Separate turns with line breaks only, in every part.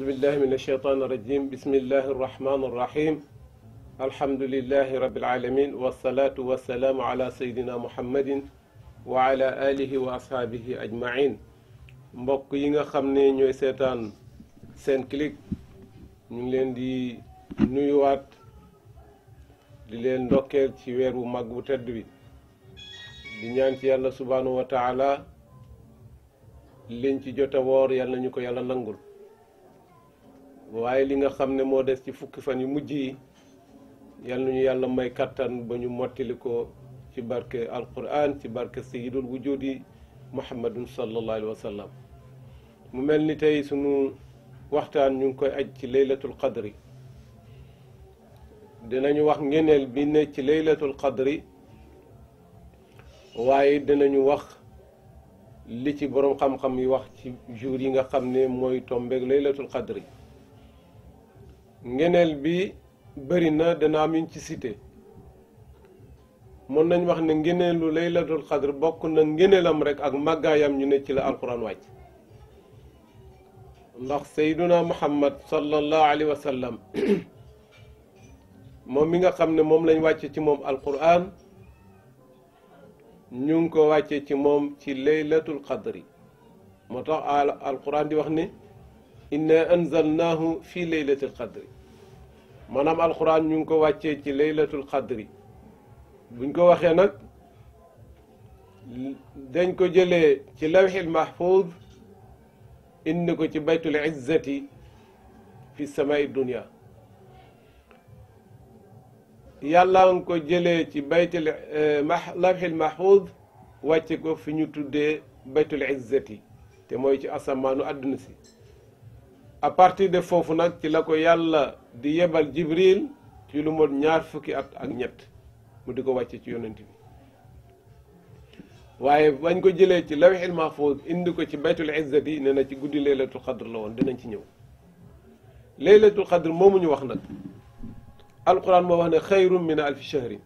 أعوذ بالله من الشيطان الرجيم بسم الله الرحمن الرحيم الحمد لله رب العالمين والصلاة والسلام على سيدنا محمد وعلى آله وأصحابه mbokk yi nga xam ne ñooy seetaan Senclic ñu ngi leen di nuyuwaat di leen ndokkeel ci weer wu mag bu tedd wi di ñaan ci yàlla subhaanahu wa liñ ci jota woor yàlla ñu ko yàlla nangul waaye li nga xam ne moo des ci fukki fan yu mujj yi yàlla nañu yàlla may kattan ba ñu mottali ko ci barke alquran ci barke sayidul wujudi muhammadun sallallahu alayhi wa sallam mu mel ni tey suñu waxtaan ñu ngi koy aj ci laylatul qadri dinañu wax ngeneel bi ne ci laylatul qadri waaye dinañu wax li ci boroom xam-xam yi wax ci jour yi nga xam ne mooy tombeeg laylatul qadri ngeneel bi bëri na dana am yuñ ci site mën nañ wax ne ngeneelu laylatul xadr bokk na ngeneelam rek ak màggaayam ñu ne ci la alquran wàcc ndax sayduna muhammad sallallahu alayhi wa sallam moom mi nga xam ne moom lañ wàccee ci moom al alquran ñu ngi ko wàcce ci moom ci laylatul xadri moo tax alquran di wax ne inna anzalnahu fi laylatil xadri maanaam alxuraan ñu ngi ko wàccee ci laylatul xadri buñ ko waxee nag dañ ko jëlee ci lawxil mahfuz indi ko ci baytul izzati fi samai dunia yàlla nga ko jëlee ci baytul eh, lawxil mahfuz wàcce ko fi ñu tuddee baytul izzati te mooy ci asamaanu àdduna si à partir de foofu nag ci la ko yàlla di yebal jibril ci lu mot ñaar fukki at ak ñett mu di ko wàcce ci yonent bi waaye bañ ko jëlee ci lawhil mahfuz indi ko ci baytul izzati nee na ci guddi laylatul xadr la woon dinañ ci ñëw laylatul xadr moomu ñu wax nag alquran moo wax ne xayrun min alfi shahrin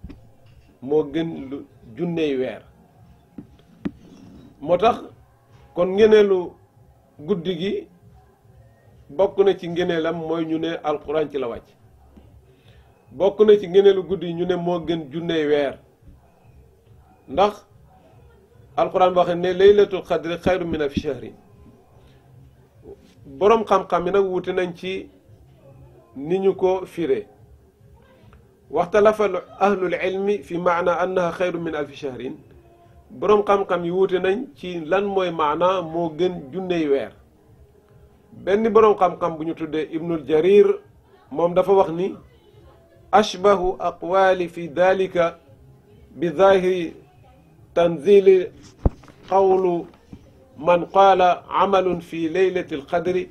moo gën lu junney weer moo tax kon ngeneelu guddi gi bokk na ci ngëneelam mooy ñu ne alxuraan ci la wàcc bokk na ci ngëneelu guddi ñu ne moo gën junney weer ndax alxuraan waxe ne laylatul xadri xayru min alfi boroom xam-xam yi nag wuute nañ ci ni ñu ko firee waxtalafa ahlul ilmi fi maana annaha xayru min alfi boroom xam-xam yi wuute nañ ci lan mooy maana moo gën junney weer benn boroom xam-xam bu ñu tuddee ibnul jarir moom dafa wax ni ashbahu aqwaali fi dalika bi zahiri tanzili qawlu man qaala amalun fi leylati alqadri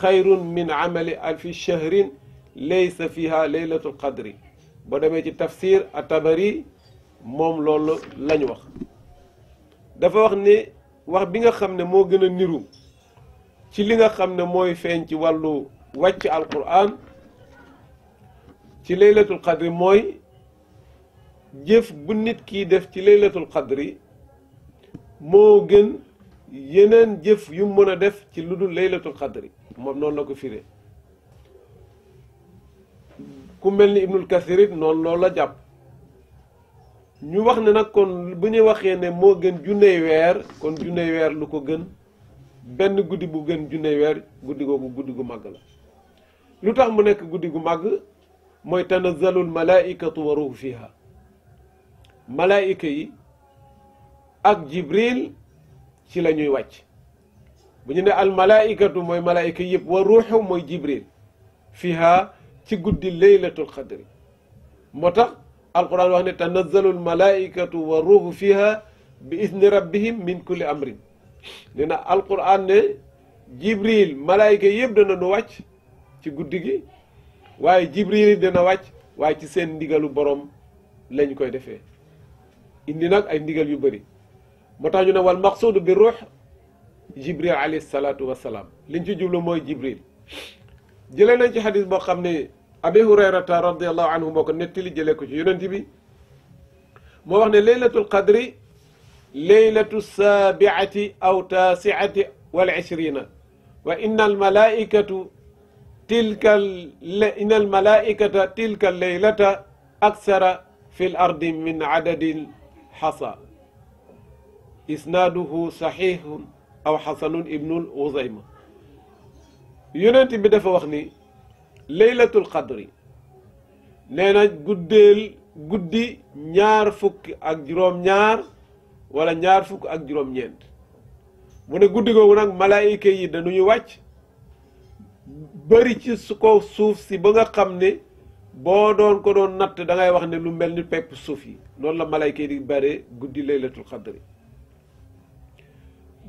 xayrun min amali alfi shahrin laysa fiha leylatu alqadri boo demee ci tafsir atabari moom loolu lañ wax dafa wax ni wax bi nga xam ne moo gën a niru ci li nga xam ne mooy feeñ ci wàllu wàcc alquran ci laylatul qadri mooy jëf bu nit kiy def ci laylatul qadri moo gën jëf yu mën a def ci lu dul laylatul qadri moom noonu la ko firee ku mel ni ibnul kasir noon noonu la jàpp ñu wax ne nag kon bu ñu waxee ne moo gën junney weer kon junney weer lu ko gën benn guddi bu gën junne weer guddi googu guddi gu màgg la lu tax mu nekk guddi gu màgg mooy tanazzalul malaaikatu wa ruuhu fiha malaayika yi ak jibril ci la ñuy wàcc bu ñu ne al malaaikatu mooy malaayika yëpp wa ruuxu mooy jibril fiha ci guddi laylatul xadri moo tax alquran wax ne tanazzalul malaaikatu wa ruuxu fiha bi idni rabbihim min kulli amrin nee na alquran ne jibril malayka yëpp dana nu wàcc ci guddi gi waaye jibril yi dana wàcc waaye ci seen ndigalu boroom lañ koy defee indi nag ay ndigal yu bëri moo tax ñu ne wal maqsuudu bi ruux jibril alayhi salaatu wassalaam liñ ci jublu mooy jibril jëlee nañ ci xadis boo xam ne abi hurayrata radiallahu anhu moo ko nettali jëlee ko ci yonent bi moo wax ne laylatul qadri leylatu saabiati aw taasiati wal ishrina wa inna almalaikatu tilka inna almalaikata tilka leylata aksara fi l ardi min adadin xasa isnaaduhu saxiixun aw xasanun ibnul uzayma yonent bi dafa wax ni laylatul qadri nee na guddeel guddi ñaar fukki ak juróom-ñaar wala ñaar fukk ak juróom-ñeent mu ne guddi googu nag malaayika yi dañuy wàcc bari ci su ko suuf si ba nga xam ne boo doon ko doon natt da ngay wax ne lu mel ni pepp suuf yi noonu la malaayika yi di bare guddi laylatul xadri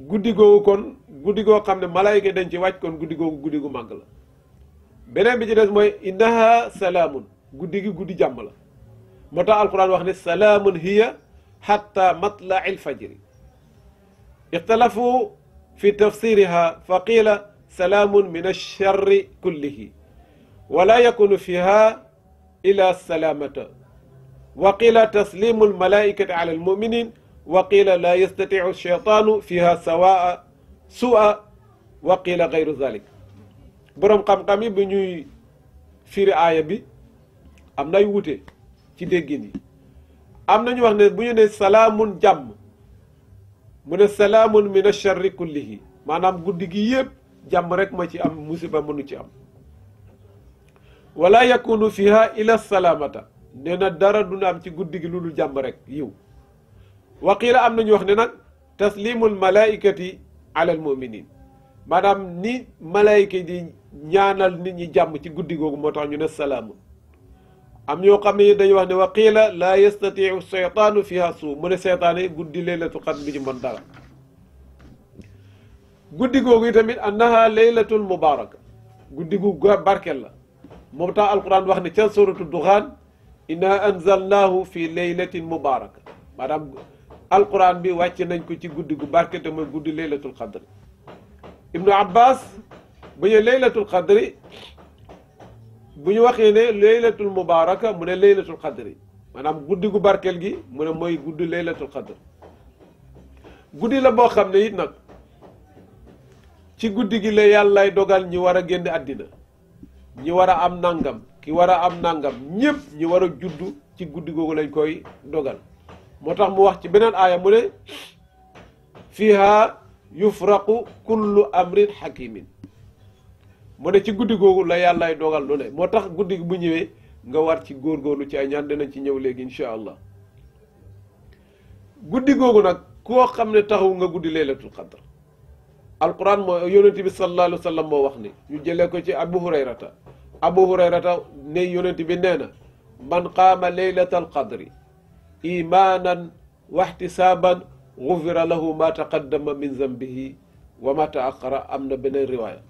guddi googu kon guddi goo xam ne malaayika dañ ci wàcc kon guddi googu guddi gu màgg la beneen bi ci des mooy innaha salaamun guddi gi guddi jàmm la moo tax alquran wax ne salaamun hiya xatta matlaci alfajri ixtalafuu fi tafsiriha fa qiila salaamun min alcharri kullihi wala yakunu fiha ila salaamata wa qiila taslimu almalaikati ala almuminin wa qiila laa yastatiu alcheytaanu fiha sawaa su'a wa qiila gayru dalik boroom xam-xam yi bi ñuy firi aaya bi am nay wute ci déggin yi am na nañu wax ne bu ñu ne salaamun jàmm mu ne salaamun min acharri kullihi maanaam guddi gi yépp jàmm rek ma ci am musiba mënu ci am wala yakunu fiha ila salaamata nee na dara du na am ci guddi gi lu dul jàmm rek yiw waqila am nañu wax ne nag taslimul malaikati ala al muminin maanaam ni malaayika di ñaanal nit ñi jàmm ci guddi googu moo tax ñu ne salaamun am ñoo xam ne dañuy wax ne wa qiila laa yastatiu seytaanu fiha suu mu ne seytaane guddi leylatu xat bi ci mën dara guddi googu yi tamit annaha laylatul mubaraka guddi gu barkel la moom tax alquran wax ne ca suratu duxaan inna anzalnaahu fi laylatin mubaraka maanaam alquran bi wàcc nañ ko ci guddi gu barke te mooy guddi laylatul qadri ibnu abbas bu ñu laylatul qadri bu ñu waxee ne laylatul mubaraka mu ne laylatul xadr yi maanaam guddi gu barkeel gi mu ne mooy guddi laylatul xadr guddi la boo xam ne it nag ci guddi gi la yàllaay dogal ñi war a génn àddina ñi war a am nangam ki war a am nangam ñëpp ñi war a juddu ci guddi googu lañ koy dogal moo tax mu wax ci beneen aaya mu ne fiiha yufraqu kullu amrin hakimin mu ne ci guddi googu la yàllaay dogal lu ne moo tax guddi bu ñëwee nga war ci góorgóorlu ci ay ñaan dinañ ci ñëw léegi incha allah guddi googu nag koo xam ne taxaw nga guddi laylatul qadr alquran moo yonente bi sallallahu alayhi moo wax ni ñu jëlee ko ci abu hurayrata abu hurayrata ne yonente bi nee na man qaama laylatal qadri imaanan wahtisaaban gufira lahu ma taqaddama bi zambihi wa ma taaqara am na beneen riwaaya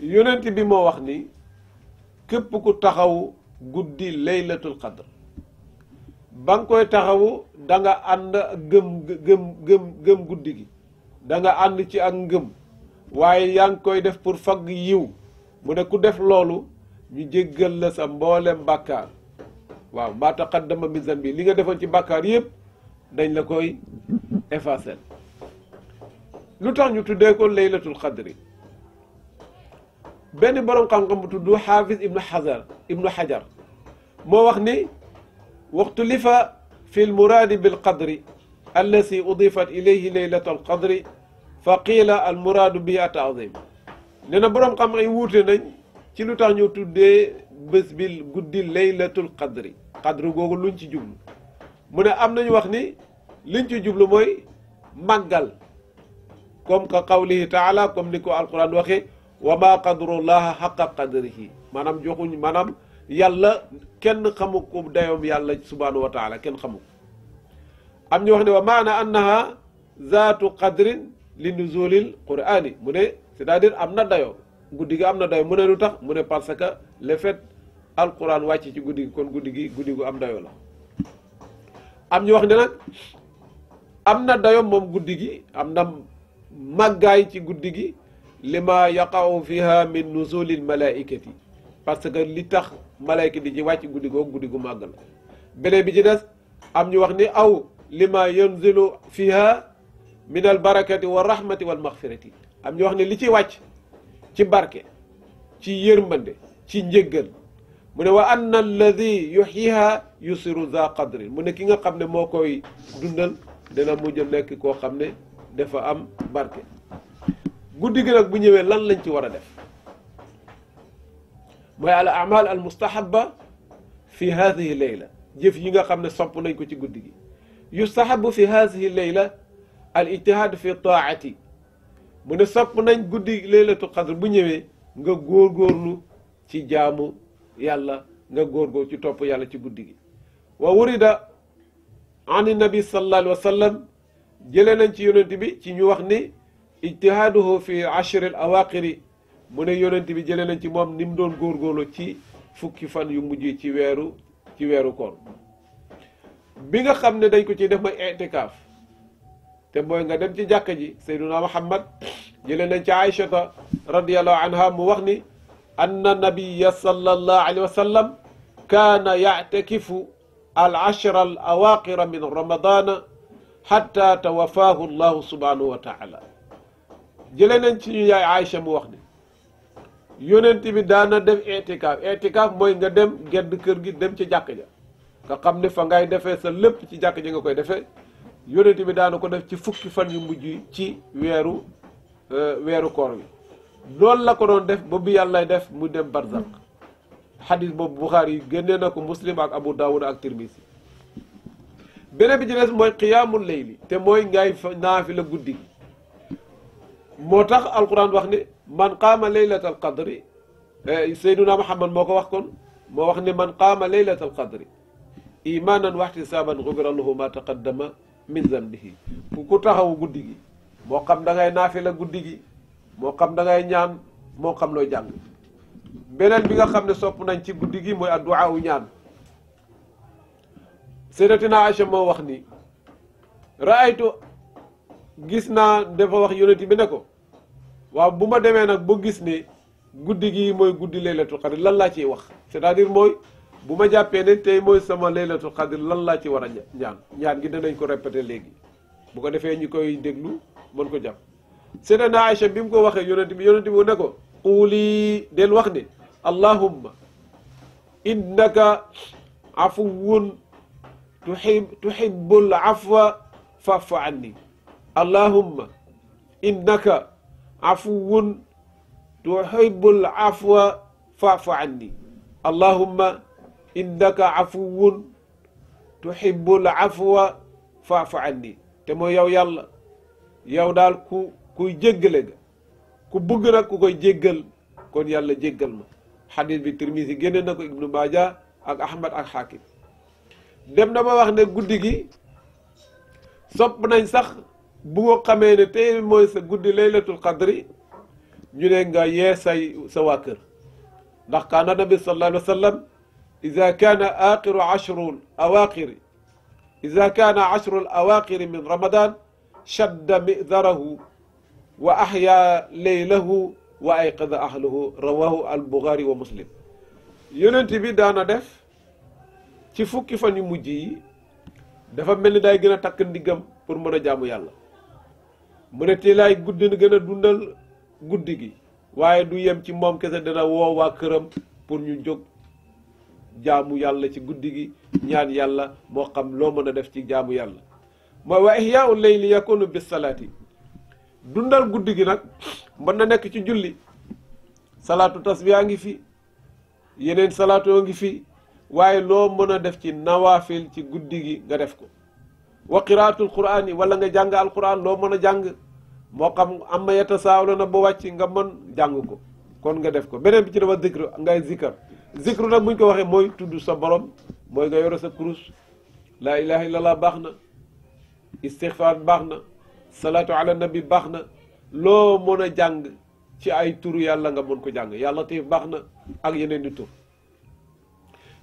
yonent bi moo wax ni képp ku taxaw guddi laylatul qadr ba nga koy taxawu da nga ànd gëm gëm gëm guddi gi da ànd ci ak ngëm waaye yaa ngi koy def pour fagg yiw mu ne ku def loolu ñu jéggal la sa mboolem bàkkaar waaw maa dama min bi li nga defoon ci bàkkaar yépp dañ la koy effacer lu tax ñu tuddee ko laylatul qadri benn borom xam-xam bu tudd xaafis ibnu xajar ibnu xajar moo wax ni waxtu lifa fa fi lmuraadi bilqadri allati udifat ilayhi leylatu alqadri fa qiila almuraadu bi atazim nee na borom xam ay wuute nañ ci lu tax ñu tuddee bés bi guddi laylatul qadri qadri googu luñ ci jublu mu ne am nañu wax ni liñ ci jublu mooy màggal comme que qawlihi taala comme ni ko alquran waxee wa ma qadrullaha xaqa qadrihi maanaam joxuñ maanaam yàlla kenn xamu ko dayoom yàlla subhanahu wa kenn xamu ko am ñu wax ne wa maana annaha zaatu qadrin li nuzulil qur'ani mu ne c'est-à-dire am na dayoo guddi gi am na dayo mu ne lu tax mu ne parce que le fait alquran wàcc ci guddi gi kon guddi gi guddi gu am dayoo la am ñu wax ne nag am na dayo moom guddi gi am na màggaay ci guddi gi lima yaqaw fiha min nuzulil malaikati parce que li tax malaayka di ci wàcc guddi googu guddi gu màgg beneen bi ci des am ñu wax ni aw lima yanzilu fiha min al barakati wa rahmati wal maxfirati am ñu wax ne li ci wàcc ci barke ci yërmande ci njëggal mu ne an anna alladi yuxyiha yusiru za qadrin mu ne ki nga xam ne moo koy dundal mu mujj nekk koo xam ne dafa am barke guddi gi nag bu ñëwee lan lañ ci war a def mooy al amal al mustahaba fi hadihi leyla jëf yi nga xam ne sopp nañ ko ci guddi gi yustahabu fi hadihi leyla al ijtihaad fi ati mu ne sopp nañ guddi leylatu qadr bu ñëwee nga góor góorgóorlu ci jaamu yàlla nga góor góorgóor ci topp yàlla ci guddi gi wa wurida an nabi sallallahu alayhi wa jëlee nañ ci yonent bi ci ñu wax ni ijtihaaduhu fi ashri al awaqiri mu ne yonent bi jëlee nañ ci moom ni doon góorgóorlu ci fukki fan yu mujj ci weeru ci weeru koor bi nga xam ne dañ ko ci def mooy itikaaf te mooy nga dem ci jàkka ji sayduna muhammad jëlee nañ ci aïchata radiallahu mu wax ni anna nabiya sallallahu alayhi wa sallam kaana yactakifu min ramadana xatta tawafaahu allahu subhanahu wa jëlee nañ ci ñu yaay Aïcha mu wax ne yonent bi daana dem itikaaf itikaaf mooy nga dem gedd kër gi dem ci jàkk ja nga xam ne fa ngay defee sa lépp ci jàkk ji nga koy defe yonent bi daana ko def ci fukki fan yu mujj ci weeru euh, weeru koor wi loolu la ko doon def ba bi yàlla def mu dem barzak xadis boobu Buxaari yi génnee na ko muslim ak Abu Daawud ak Tirmisi beneen bi ci des mooy qiyaamul layli te mooy ngay naafila guddi gi moo tax alquran wax ne man qaama laylatal qadri eh, sayduna muhammad moo ko wax kon moo wax ne man qaama laylatal qadri imanan wa ihtisaban ghufira lahu ma taqaddama min zanbihi ku ku taxaw guddi gi moo xam dangay ngay naafila guddi gi moo xam dangay ngay ñaan moo xam looy jàng beneen bi nga xam ne sopp nañ ci guddi gi mooy addu'a u ñaan sayyidatina Aisha moo wax ni ra'aytu gis naa dafa wax yonent bi ne ko waaw bu ma demee nag boo gis ne guddi gii mooy guddi laylatul xadr lan laa ciy wax c'est-à-dire mooy bu ma jàppee ne tey mooy sama laylatul xadr lan laa ci war a ñaan ñaan gi danañ ko répété léegi bu ko defee ñu koy déglu mën ko jàpp seydana Aïcha bi mu ko waxee yonent bi yonent bi ne ko quuli del wax ne allahumma innaka afuwun tuhib tuhibbul afwa fa'fu anni allahumma innaka afuwun tuhibbul afwa fa'fu anni allahumma innaka afuwun tuhibbul afwa fa'fu anni te mooy yow yàlla yow daal ku kuy jéggale nga ku bëgg ku koy jéggal kon yàlla jéggal ma xadis bi Tirmisi génne na ko Ibnu Maaja ak Ahmad ak Xaakim dem na ma wax ne guddi gi sopp nañ sax bu ko xamee ne tey mooy sa guddi laylatul qadri ñu ne nga yee say sa waa kër ndax kaan nabi sallallahu alayhi wa sallam ida kaana aqiru ashru awaqiri ida kaana ashru min ramadan shadda mi'zarahu wa ahya laylahu wa ayqada ahlahu rawahu albuxaari wa muslim yonent bi daana def ci fukki fan yu mujj yi dafa mel ni day gën a takk ndiggam pour mën a jaamu yàlla mu ne teelaay guddi na gën a dundal guddi gi waaye du yem ci moom kese dina woo waa këram pour ñu jóg jaamu yàlla ci guddi gi ñaan yàlla moo xam loo mën a def ci jaamu yàlla mooy wa ihyaa'u layli yakunu bis yi dundal guddi gi nag mën na nekk ci julli salaatu tas tasbiya ngi fi yeneen salaatoo ngi fi waaye loo mën a def ci nawaafil ci guddi gi nga def ko wa qiraatul quraan yi wala nga jàng alquran loo mën a jàng moo xam am ma yetta saawlo na ba wàcc nga mën jàng ko kon nga def ko beneen bi ci dama zikru ngay zikkar zikru nag buñ ko waxee mooy tudd sa borom mooy nga yore sa kurus laa ilaha illallah baax na istixfaar baax na salaatu ala nabi baax na loo mën a jàng ci ay turu yàlla nga mën ko jàng yàlla tiif baax na ak yeneen di tur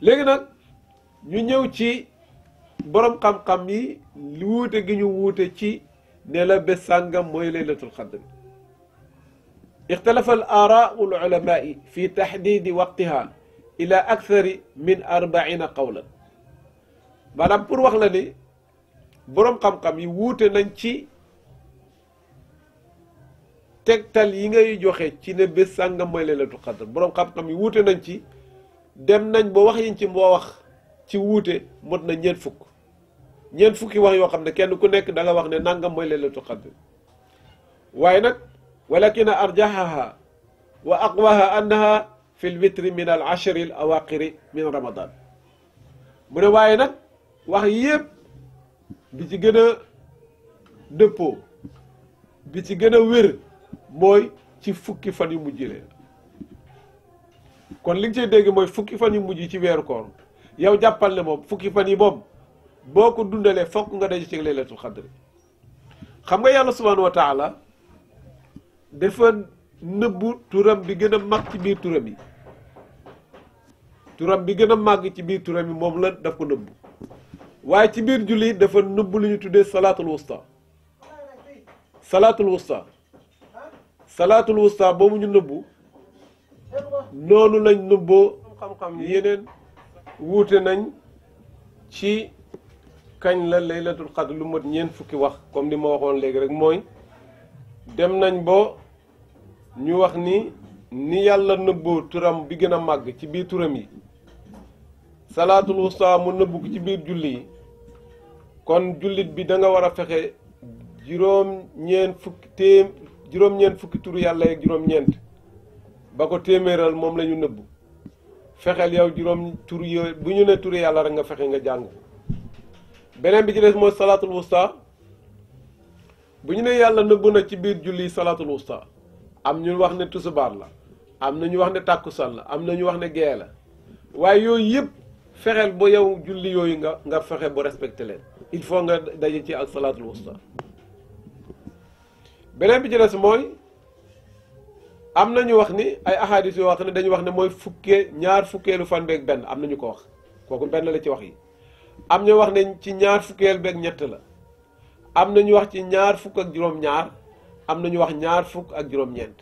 léegi nag ñu ñëw ci boroom xam-xam yi wuute gi ñu wuute ci ne la bés sàngam mooy laylatul qadr ixtalafa al aaraau al ulamaai fi taxdidi waqtiha ila akthari min arbaina qawlan maanaam pour wax la ni boroom xam-xam yi wuute nañ ci tegtal yi ngay joxe ci ne bés sàngam mooy laylatul qadr boroom xam-xam yi wuute nañ ci dem nañ ba wax yiñ ci moo wax ci wuute mot na ñeent fukk ñeent fukki wax yoo xam ne kenn ku nekk danga wax ne nangam mooy laylatul qadr waaye nag walakina arjahaha wa aqwaha annaha fi l witri min al ashri al awaqiri min ramadan mu ne waaye nag wax yépp bi ci gën a dëppoo bi ci gën a wér mooy ci fukki fan yu mujj la kon li nga dégg mooy fukki fan yu mujj ci weeru koor yow jàppal ne moom fukki fan yi moom boo ko dundalee fokk nga daje ci laylatul xadri xam nga yàlla subhaanahu wa dafa nëbbu turam bi gën a mag ci biir turam yi turam bi gën a màgg ci biir turam yi moom la daf ko nëbbu waaye ci biir julli dafa nëbbu lu ñu tuddee salaatul wusta salaatul wusta salaatul wusta boobu ñu nëbbu noonu lañ nëbboo xam-xam yeneen wuute nañ ci kañ la laylatul xadr lu mat ñeent fukki wax comme li ma waxoon léegi rek mooy dem nañ boo ñu wax ni ni yàlla nëbboo turam bi gën a màgg ci biir turam yi salaatul wusta mu nëbbu ko ci biir julli yi kon jullit bi danga nga war a fexe juróom-ñeent fukki téem juróom-ñeent yàlla yeeg juróom-ñeent ba ko téeméeral moom lañu ñu fexeel yow juróom tur yooyu bu ñu ne tur yàlla rek nga fexe nga jàng beneen bi ci des mooy salaatul wusta bu ñu ne yàlla nëbbu na ci biir julli salaatul wusta am ñu wax ne tusubaar la am na ñu wax ne tàkkusaan la am na ñu wax ne gee la waaye yooyu yëpp fexeel ba yow julli yooyu nga nga fexe ba respecté leen il faut nga daje ci ak salaatul wusta beneen bi ci des mooy am na ñu wax ni ay ahadis yoo wax ne dañu wax ne mooy fukkee ñaar fukkeelu fan beeg benn am na ñu ko wax kooku benn la ci wax yi am ñu wax nañ ci ñaar fukkeel beeg ñett la am na ñu wax ci ñaar fukk ak juróom-ñaar am na ñu wax ñaar fukk ak juróom-ñeent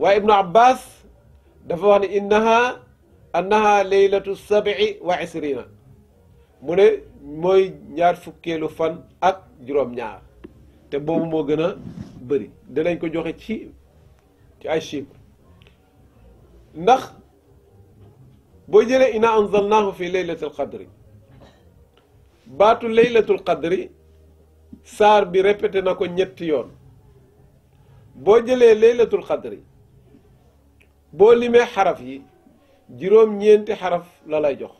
waaye ibnu abbas dafa wax ne innaha annaha leylatu sabii wa isrina mu ne mooy ñaar fukkeelu fan ak juróom-ñaar te boobu moo gën a bëri dinañ ko joxe ci ci ay chiffre ndax boo jëlee ina anzalnahu fi laylatil qadri baatu laylatul qadri saar bi répété na ko ñetti yoon boo jëlee laylatul qadri boo limee xaraf yi juróom-ñeenti xaraf la lay jox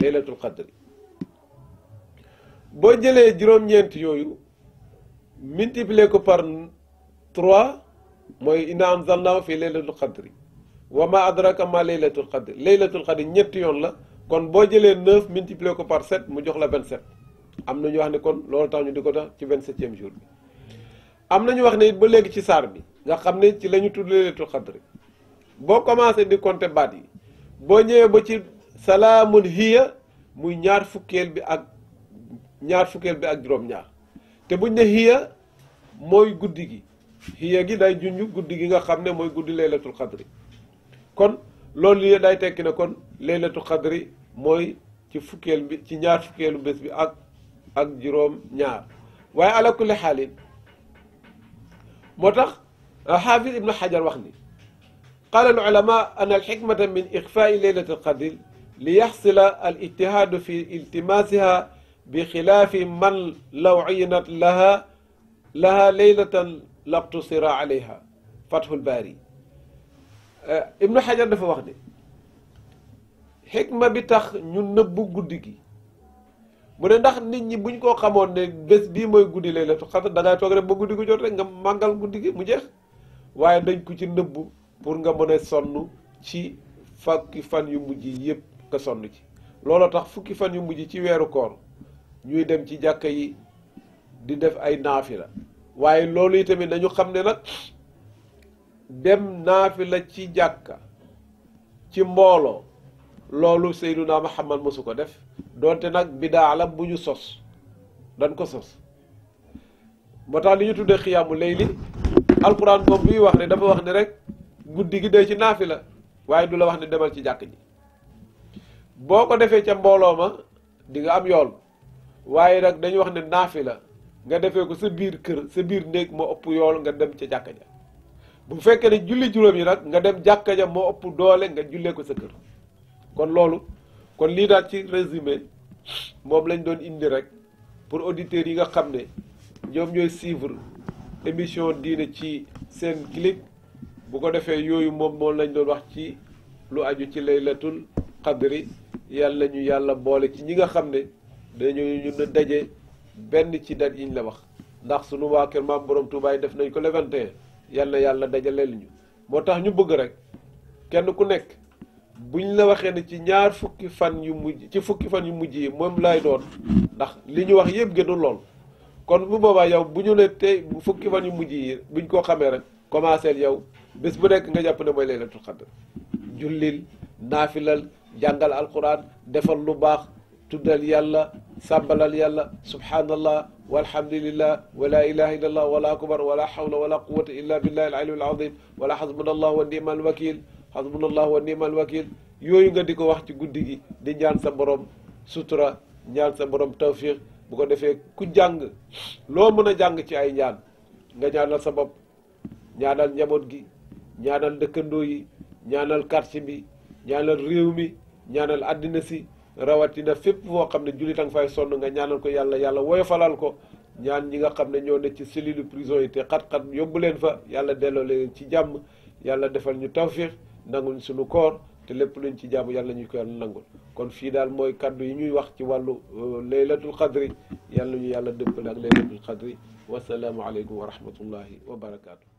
laylatul qadri boo jëlee juróom-ñeenti yooyu multiplier ko par trois mooy inna anzalnahu fi laylatul qadri wa adraka ma laylatul qadri laylatul qadri ñetti yoon la kon boo jëlee 9 multiplié ko par 7 mu jox la vingt 27 am na ñu wax ne kon loolu tax ñu di ko tax ci 27e jour bi am na ñu wax ne it ba léegi ci saar bi nga xam ne ci la ñu tudd Laylatul Qadri boo commencé di compter baat yi boo ñëwee ba ci salaamun hiya muy ñaar fukkeel bi ak ñaar fukkeel bi ak juróom-ñaar te buñ ne hiya mooy guddi gi hiya gi day junj guddi gi nga xam ne mooy guddi Laylatul Qadri kon loolu yëpp day tekki ne kon Laylatul Qadri mooy ci fukkeel bi ci ñaar fukkeelu bés bi ak ak juróom ñaar waaye ala kulli xaalin moo tax ah, xaafis ibnu xajar wax ni qaala al ulama an al xikmata min ixfaai leylati al qadr li yaxsila al ijtihaadu fi iltimaasiha bi xilaafi man law ciyinat laha laha leylatan laqtusira alayha fatxul baari eh, ibnu xajar dafa wax ne xikma bi tax ñu nëbbu guddi gi mu ne ndax nit ñi buñ koo xamoon ne bés bii mooy guddi Laylatul Qadr da ngay toog ba guddi gu jot rek nga màggal guddi mu jeex waaye dañ ko ci nëbbu pour nga mën a sonn ci fukki fan yu mujj yëpp nga sonn ci looloo tax fukki fan yu mujj ci weeru koor ñuy dem ci jàkka yi di def ay naafila waaye loolu tamit dañu xam ne nag dem naafila ci jàkka ci mbooloo loolu naa Seydunaa Muhammad mosu ko def donte nag bidaa la bu ñu sos dañ ko sos moo tax li ñu tuddee xiyaamu layli alquran moom buy wax ne dafa wax ne rek guddi gi day ci naafi la waaye du la wax ne demal ci jàkk ji boo ko defee ca mbooloo ma di nga am yool waaye nag dañu wax ne naafi la nga defee ko sa biir kër sa biir néeg moo ëpp yool nga dem ca jàkk ja bu fekkee ne julli juróom yi rek nga dem jàkka ja moo ëpp doole nga jullee ko sa kër kon loolu kon lii daal ci résumé moom lañ doon indi rek pour auditeurs yi nga xam ne ñoom ñooy suivre émission diine ci seen Senclic bu ko defee yooyu moom moom lañ doon wax ci lu aju ci laylatul qadri yàlla ñu yàlla boole ci ñi nga xam ne dañu ñu daje benn ci dat yiñ la wax ndax sunu waa kër maam borom Touba def nañ ko le yàlla yàlla dajale ñu moo tax ñu bëgg rek kenn ku nekk. bu ñu la waxee ne ci ñaar fukki fan yu mujj ci fukki fan yu mujj yi moom lay doon ndax li ñu wax yëpp gënul lool kon bu boobaa yow bu ñu ne tey bu fukki fan yu mujj yi buñ ko xamee rek commencé yow bés bu nekk nga jàpp ne mooy laylatul xadr jullil naafilal jàngal alquran defal lu baax tuddal yàlla sàmbalal yàlla subhanallah walhamdulillah wala ilaha illa allah wala akbar wala hawla wala quwata illa billahi al aliyyil azim wala hasbunallah wa ni'mal wakil hasbunallahu wa ni'mal wakil yooyu nga di ko wax ci guddi gi di ñaan sa borom sutura ñaan sa borom tawfiq bu ko defee ku jàng loo mën a jàng ci ay ñaan nga ñaanal sa bopp ñaanal njaboot gi ñaanal dëkkandoo yi ñaanal quartier bi ñaanal réew mi ñaanal àddina si rawatina fépp foo xam ne jullit nga fay sonn nga ñaanal ko yàlla yàlla woyofalal ko ñaan ñi nga xam ne ñoo ne ci cellule prison yi te xat-xat yóbbu leen fa yàlla delloo leen ci jàmm yàlla defal ñu tawfiq nangul suñu koor te lépp luñ ci jaamu yàlla ñu ko yàlla nangul kon fii daal mooy kaddu yi ñuy wax ci wàllu euh, laylatul qadri yàlla ñu yàlla dëppale ak laylatul qadri wasalaamu aleykum wa rahmatullahi wa barakaatu.